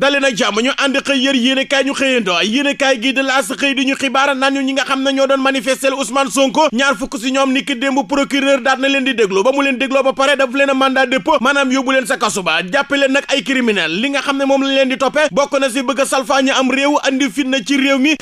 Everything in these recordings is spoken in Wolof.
dale na jàmm ñu ànd xëy yër yéene kaay ñu xëyandoo yéene kaay gii di laas xëy di ñu xibaar naan ñu ñi nga xam ne ñoo doon manifester Ousmane Sonko ñaar fukk si na leen di déglu ba mu a mandat moom lañ leen di toppee bokk na a salfaañu am réew andi fitna ci réew ñi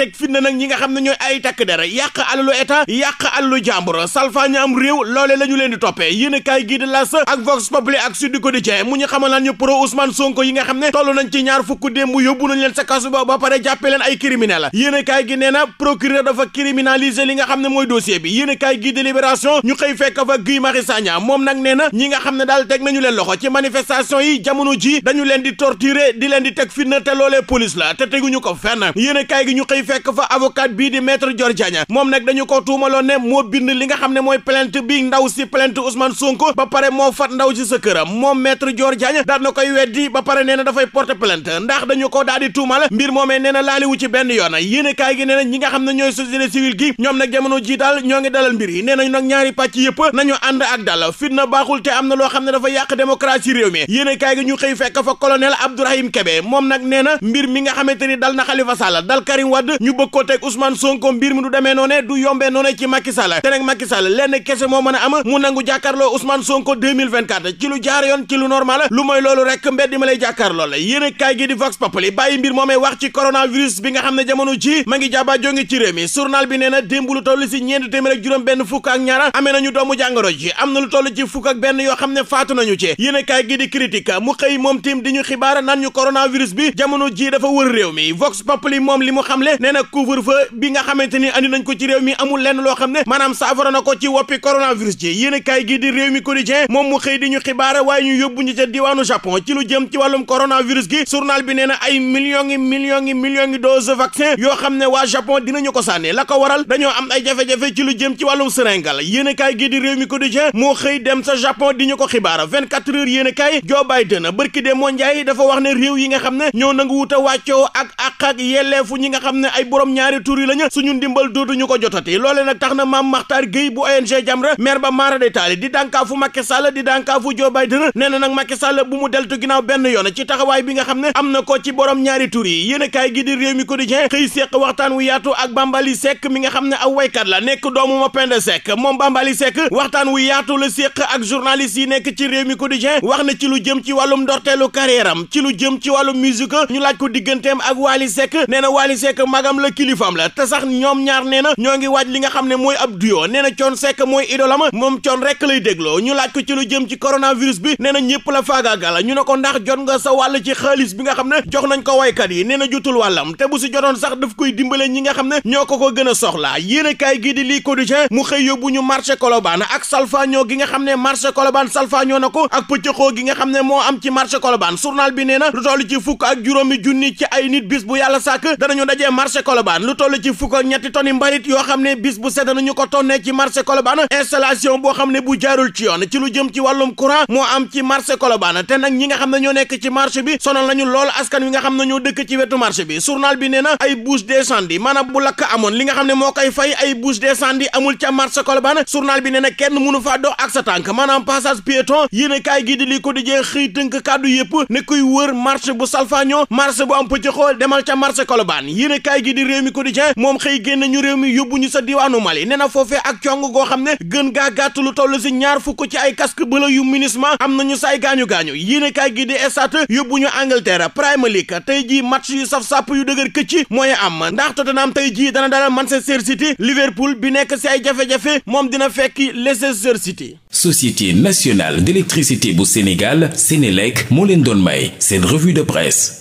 nga xam ne ñooy ay takk dara yàq alalu état yàq alalu jàmbur salfaañu am réew loole ñu leen toppee yéene kaay gii di laas ak Vox Populi ak Sud Quotidien mu ñu xamal naan ñu pro Ousmane Sonko yi nga xam ne toll nañ ci ñaar fukk démb yóbbu nañ leen sa kasu ba ba pare jàppee leen ay criminel yéenekaay gi nee na procureur dafa criminaliser li nga xam ne mooy dossier bi yéenekaay gi délibération ñu xëy fekk fa Guy Marius moom nag nee na ñi nga xam ne daal teg nañu leen loxo ci manifestation yi jamono ji dañu leen di torturer di leen di teg fitna te loolee police la te teguñu ko fenna fenn kaay gi ñu xëy fekk fa avocat bii di maître Dior Diagne moom nag dañu ko tuumaloon ne moo bind li nga xam ne mooy plainte bi ndaw si plainte Ousmane Sonko ba pare moo fat ndaw ci sa këram moom maître Dior Diagne daan na koy weddi ba pare nee na dafay porter plainte ndax dañu ko daal di tuumal mbir moomee nee na laaliwu ci benn yoon yéene kaay gi nee na ñi nga xam na ñooy société civile gi ñoom nag jamono ji daal ñoo ngi dalal mbir yi nee nañu nag ñaari pàcc yëpp nañu ànd ak dal fitna baaxul te am na loo xam ne dafa yàq démocratie réew mi yéene kaay gi ñu xëy fekk fa colonel Abdourahim Kébé moom nag nee na mbir mi nga xamante ni dal na Khalifa Sall dal Karim Wade ñu bëgg ko teg son Sonko mbir mi du demee noone du yombee noone ci Macky Sall te nag Macky Sall lenn kese moo mën a am mu nangu jàkkaarloo Ousmane Sonko 2024 ci lu jaar yoon ci lu normal lu mooy loolu rek mbedd ma lay jàkkaarloo la yéene kaay gi di Vox Populi bàyyi mbir moomee wax ci coronavirus bi nga xam ne jamono ji ma ngi jaaba jonge ci réew mi journal bi nee démb lu toll si ñeenti téeméer ak juróom benn fukk ak ñaara amee nañu doomu jàngoro ji am na lu toll ci fukk ak benn yoo xam ne faatu nañu ci yéen kaay gi di critique mu xëy moom tim di ñu xibaar naan ñu coronavirus bi jamono ji dafa wër réew mi Vox li moom li mu xam nee na couvre-feu bi nga xamante ni andi nañ ko ci réew mi amul lenn loo xam ne maanaam saafara na ko ci woppi coronavirus ji yéen kaay gi di réew mi moom mu xëy di ñu xibaar waaye ñu yóbbu ñu ca diwaanu Japon ci lu jëm ci wàllum coronavirus gi naal bi nee na ay million ngi millions ngi millions ngi dose vaccin yoo xam ne waa Japon dinañu ko sànni la ko waral dañoo am ay jafe-jafe ci lu jëm ci wàllum seringal yéen a kaay gii di réew mi quotidien moo xëy dem sa Japon di ñu ko xibaar 24 heures yéen a kaay Joe Biden barki de moo njaay dafa wax ne réew yi nga xam ne ñoo nangu wut a wàccoo ak àq ak yelleefu ñi nga xam ne ay borom ñaari tur yi lañu suñu ndimbal dootuñu ko jotati loolee nag tax na maam Makhtar Gueye bu ONG Jamra maire ba Mara de Taali di dànkaafu Macky Sall di dànkaafu Joe Biden nee na nag Macky Sall bu mu deltu ginnaaw benn yoon ci taxawaay bi nga xam ne am na ko ci borom ñaari tur yi yéen a gi di réew mi quotidien xëy seq waxtaan wu yaatu ak Bambali Seck mi nga xam ne aw waykat la nekk doomu Mapenda Seck moom Bambali Seck waxtaan wu yaatu la seq ak journaliste yi nekk ci réew mi quotidien wax na ci lu jëm ci wàllum ndorteelu carrière am ci lu jëm ci wàllum musique ñu laaj ko digganteem ak Wally Seck nee na Wally Seck magam la kilifaam la te sax ñoom ñaar nee na ñoo ngi waaj li nga xam ne mooy ab duo nee na Thione Seck mooy idolam moom Thione rek lay dégloo ñu laaj ko ci lu jëm ci coronavirus bi nee na ñëpp la faagaagal ñu ne ko ndax jot nga sa wàll ci xaalis bi nga xam ne jox nañ ko waykat yi nee na jutul wàllam te bu si jotoon sax daf koy dimbale ñi nga xam ne ñoo ko ko gën a soxla yéen kaay gii di lii quotidien mu xëy yóbbu ñu marché Colobane ak salfaañoo gi nga xam ne marché Colobane salfaañoo na ko ak pëccëxoo gi nga xam ne moo am ci marché Colobane journal bi nee na lu toll ci fukk ak juróomi junni ci ay nit bis bu yàlla sàkk danañu dajee marché Colobane lu toll ci fukk ak ñetti tonni mbalit yoo xam ne bis bu set danañu ko tonne ci marché Colobane installation boo xam ne bu jaarul ci yoon ci lu jëm ci wàllum courant moo am ci marché Colobane te nag ñi nga xam ne ñoo nekk ci marché bi sonal nañu loolu askan wi nga xam ne dëkk ci wetu marché bi journal bi nee ay bouche d'incendie maanaam bu lakk amoon li nga xam ne moo koy fay ay bouche d'incendie amul ca marché Colobane journal bi nee na kenn mënu fa dox ak sa tànk maanaam passage piéton yéen a kaay gi di li ko di jee xëy tënk kàddu yëpp ne koy wër marché bu salfaañoo marché bu am pëcc xool demal ca marché Colobane yéen a gi di réew mi quotidien moom xëy génn ñu réew mi yóbbu ñu sa diwaanu Mali nee na foofee ak cong goo xam ne gën gaa toll si ñaar fukk ci ay casque bleu yu munisma am nañu saay gaañu gaañu yéen a kaay gi di estat Premier League tey jii match yu saf sàpp yu dëgër këcc mooy am ndax Tottenham tey jii dana dalal Manchester City Liverpool bi nekk si ay jafe-jafe moom dina fekki Leicester City. Société nationale d'électricité bu Sénégal Sénélec moo leen doon may seen revue de presse.